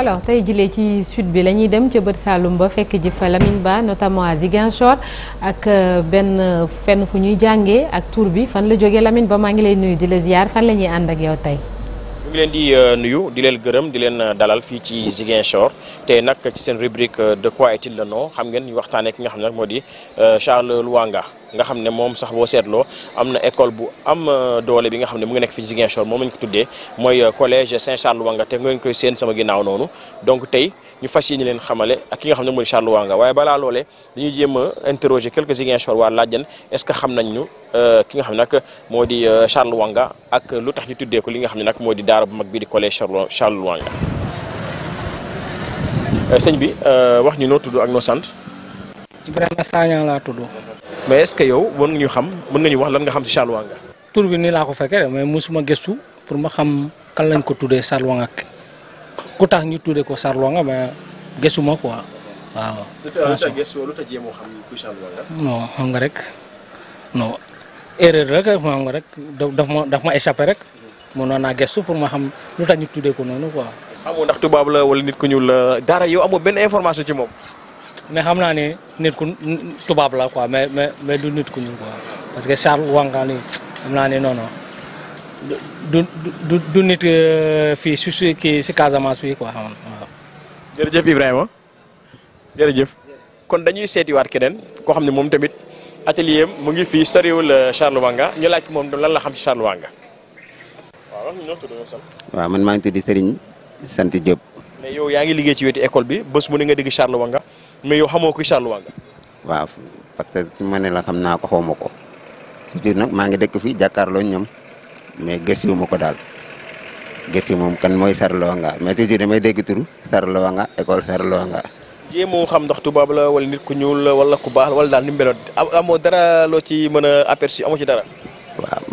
alors tey jilee ci sud bi la ñuy dem ca bët Saalum ba fekk ji fa Lamine Ba notamment à Ziguinchor ak euh, benn fenn fu ñuy jàngee ak tur bi fan la jógee Lamine Ba maa ngi lay nuyu di la ziar fan la ñuy ànd ak yow tey. ñu ngi leen di euh, nuyu di leen gërëm di leen euh, dalal fii ci Ziguinchor te nag ci seen rubrique euh, de quoi est-il le nom xam ngeen ñu waxtaanee ki nga xam ne nag moo di Charles Lwanga nga xam ne moom sax boo seetloo am na école bu am doole bi nga xam ne mu ngi nekk fii Ziguinchor moom lañ ko tuddee mooy collège Saint Charles Lwanga te ngeen koy seen sama ginnaaw noonu donc tey. ñu fas yéene leen xamale ak ki nga xam ne mooy Charles Wanga waaye balaa loolee dañuy jéem a interroger quelques Ziguinchor waa laaj leen est-ce que xam nañ ñu euh, ki nga xam ne nag moo di euh, Charles Wanga ak lu tax ñu tuddee ko li nga xam ne nag moo di daara bu mag bi di collège Charles Wanga. Euh, sëñ bi wax ñu noo tudd ak noo sant. Ibrahima Sagna laa tudd. mais est-ce que yow mën nga ñu xam mën nga ñu wax lan nga xam ci Charles Wanga. tur bi nii laa ko fekkee mais mosuma gëstu pour ma xam kan lañ ko tuddee Charles ku tax ñu tuddee ko Sarlonga mais gësuma quoi waaw. franchement lu tax jéem xam rek non erreur rek rek daf ma daf ma échappé rek mu naa gëstu pour ma xam lu tax ñu tuddee ko noonu quoi. xamoo ndax tubaab la wala nit ku ñuul la yo yow amoo benn information ci moom. mais xam naa ne nit ku tubaab la quoi mais mais du nit ku ñuul quoi parce que Sarlonga nii xam naa ne du du du nit euh, fii su su kii si Casamance bi quoi xam kon dañuy seetiwaat keneen koo xam ne moom tamit atelier am mu ngi fii soriwul euh, Charlevanga ñu laaj moom lan la xam ci Charlevanga. waaw waaw man maa ngi tudd Serigne sant Diop. mais yow yaa ngi liggéey ci wetu école bi bës mu ne nga dégg Charlevanga mais yow xamoo ko Charlevanga. waaw parce ma ne la xam naa ko xawma ko. maa ngi dëkk fii jàkkaarloo ñoom. mais gëstu ma ko daal gëstu moom kan mooy Sarlonga mais toujours damay dégg turu Sarlonga école Sarlonga. jéemoo xam ndax tubaab la wala nit ku ñuul la wala ku baax la wala daal ni mu meloon amoo dara loo ci mën a aperçu amoo ci dara.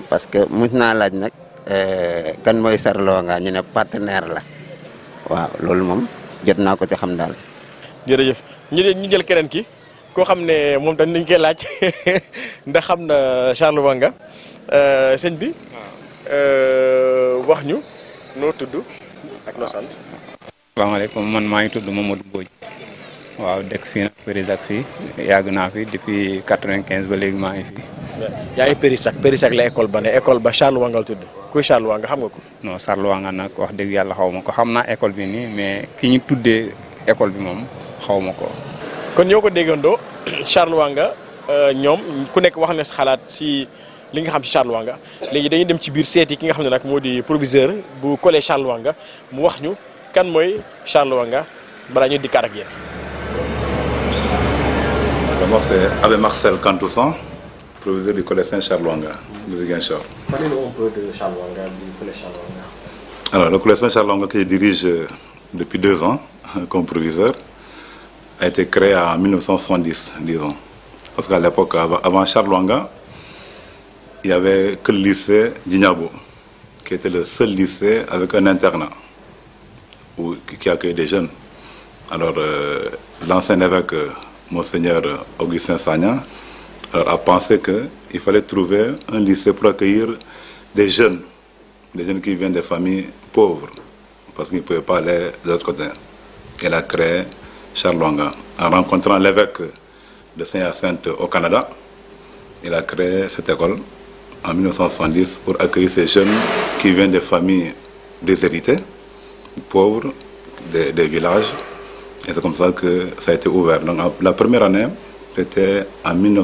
parce que mos naa laaj nag euh, kan mooy Sarlonga ñu ne partenaire la waaw loolu moom jot naa ko ci xam daal. jërëjëf ñu ñu jël keneen ki koo xam ne moom dañ nañ ke laaj ndax xam na nga euh, sëñ bi. Euh, wax ñu noo tudd ak noo sant. asalaamaaleykum man maa ngi tudd Mamadou booj waaw dëkk fii nag Périsac fi yàgg naa fi depuis quatre-vingt-quinze ba léegi maa ngi fi. yaa ngi Périsac Périsac la école ba ne école ba Charles Wanga la tudd kuy Charles nga xam nga ko. non Charles Wanga nag wax dëgg yàlla xaw ma ko xam naa école bi nii mais ki ñu tuddee école bi moom xaw ma ko. kon ñoo ko déggandoo Charles Wanga euh, ñoom ku nekk wax na xalaat si. li nga xam ci Charles Wanga léegi dañuy dem ci biir seeti ki nga xam ne nag moo di proviseur bu collège Charles Wanga mu wax ñu kan mooy Charles Wanga balaa ñu dikkaat ak yéen. Moi c'est Abbé Marcel Cantoussan, proviseur du collège Saint-Charles le collège Saint-Charles Wanga dirige euh, depuis deux ans euh, comme proviseur a été créé en 1970, disons. Parce qu'à l'époque, avant Charles il n'y avait que le lycée Djignabo, qui était le seul lycée avec un internat où, qui accueille des jeunes. Alors, euh, l'ancien évêque, Monseigneur Augustin Sagna, alors, euh, a pensé qu'il fallait trouver un lycée pour accueillir des jeunes, des jeunes qui viennent des familles pauvres, parce qu'ils ne pouvaient pas aller de l'autre côté. Elle a créé Charlonga. En rencontrant l'évêque de Saint-Hyacinthe au Canada, il a créé cette école en 1970 pour accueillir ces jeunes qui viennent des familles déshéritées, pauvres, des, des villages. Et c'est comme ça que ça la première année, c'était en mm-hmm. nous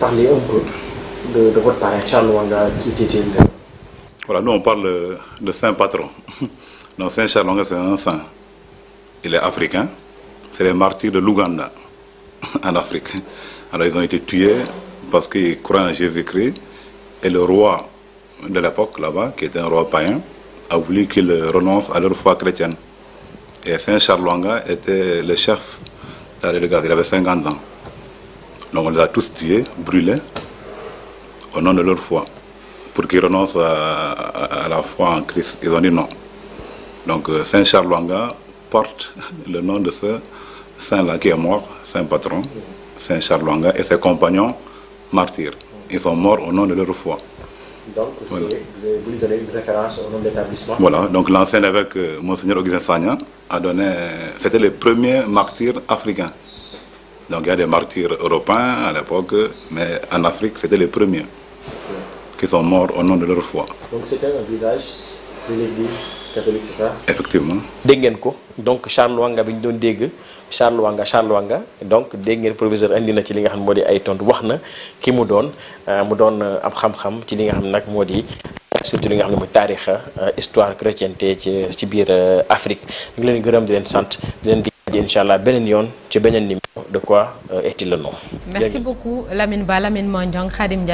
parler un peu de, de votre parrain qui était nous on parle de saint patron. Donc saint Charles c'est un saint. Il est africain. C'est les martyrs de l'Ouganda en Afrique. Alors ils ont été tués parce qu'il croit en Jésus-Christ. Et le roi de l'époque là-bas, qui était un roi païen, a voulu qu'ils renoncent à leur foi chrétienne. Et Saint Charlwanga était le chef de la Il avait 50 ans. Donc on les a tous tués, brûlés, au nom de leur foi, pour qu'ils renoncent à, à, la foi en Christ. Ils ont dit non. Donc euh, Saint Charlwanga porte le nom de ce saint-là qui est mort, saint patron, Saint Charlwanga, et ses compagnons martyrs. Ils sont morts au nom de leur foi. Donc, voilà. vous avez voulu donner une référence au nom de euh, a donné, c'était le premier martyr africain. Donc il des martyrs européens à l'époque, mais en Afrique, c'était les premiers qui sont morts au nom de leur foi. catholique c'est ça. effectivement. dégg ngeen ko donc Charles Wanga bi ñu doon dégg Charles Wanga Charles Wanga donc dégg ngeen proviseur indi na ci li nga xam moo di ay ton wax na ki mu doon euh, mu doon euh, ab xam-xam ci li nga xam nag moo di. surtout li nga xam ne mooy taarixa euh, histoire chrétienté ci ci biir Afrique ñu ngi leen gërëm di leen sant di leen. incha allah beneen yoon ci beneen numéro de quoi euh, est-il le merci beaucoup Lamine Ba Lamine Mandiang Khadim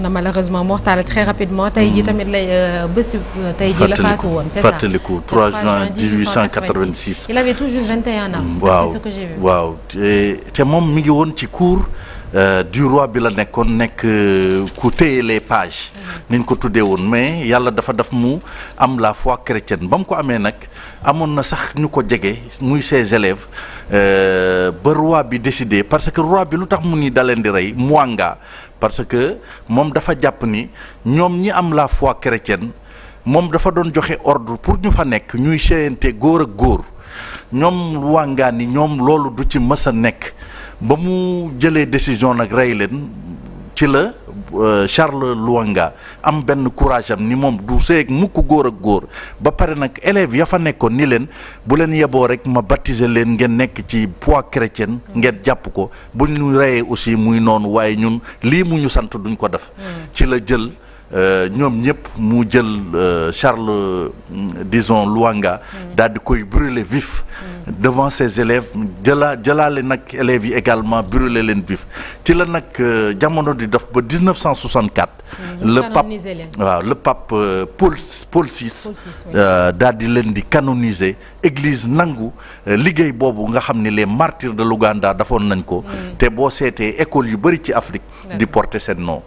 na malheureusement Mokhtar très rapidement tey jii tamit lay euh, bés euh, tey jii la faatu woon. c'est ça fàttaliku 3 juin 1886. il avait tout waaw te moom mi ngi woon ci cour. Euh, du roi bi la nekkoon nekk euh, ku téye les pages mhm. niñ ko tuddee woon mais yàlla dafa daf mu am la fois chrétienne ba mu ko amee nag amoon na sax ñu ko jege muy ses élèves euh, ba roi bi décidé parce que roi bi lu tax mu ni daleen di rey Mwanga parce que moom dafa jàpp ni ñoom ñi am la fois chrétienne moom dafa doon joxe ordre pour ñu fa nekk ñuy séyante góor ak góor ñoom Mwanga ni ñoom loolu du ci mës a nekk ba mu jëlee décision nag rey leen ci la euh, Charles Luanga am benn courage am ni moom du seeg mukk góor ak góor ba pare nag élèves ya fa nekkoon ni leen bu leen yeboo rek ma baptiser leen ngeen nekk ci foi chrétienne ngeen jàpp ko bu ñu reyee aussi muy noonu waaye ñun lii mu ñu sant duñ ko def hmm. ci la jël euh, ñoom ñëpp mu jël euh, Charles mm, disons Luanga hmm. daal di koy brûler vif hmm. devant ses élèves jëlaa jëlaale nag élèves yi également brûlé leen vif ci la nag euh, jamono di dox ba 1964. Mm-hmm. le pape waaw le pape euh, Paul Paul VI. Euh, daal di leen di canoniser église nangu liggéey boobu nga xam ni les martyrs de l'Ouganda dafoon nañ ko. Mm. te boo seetee école yu bëri ci Afrique. di porte seen nom.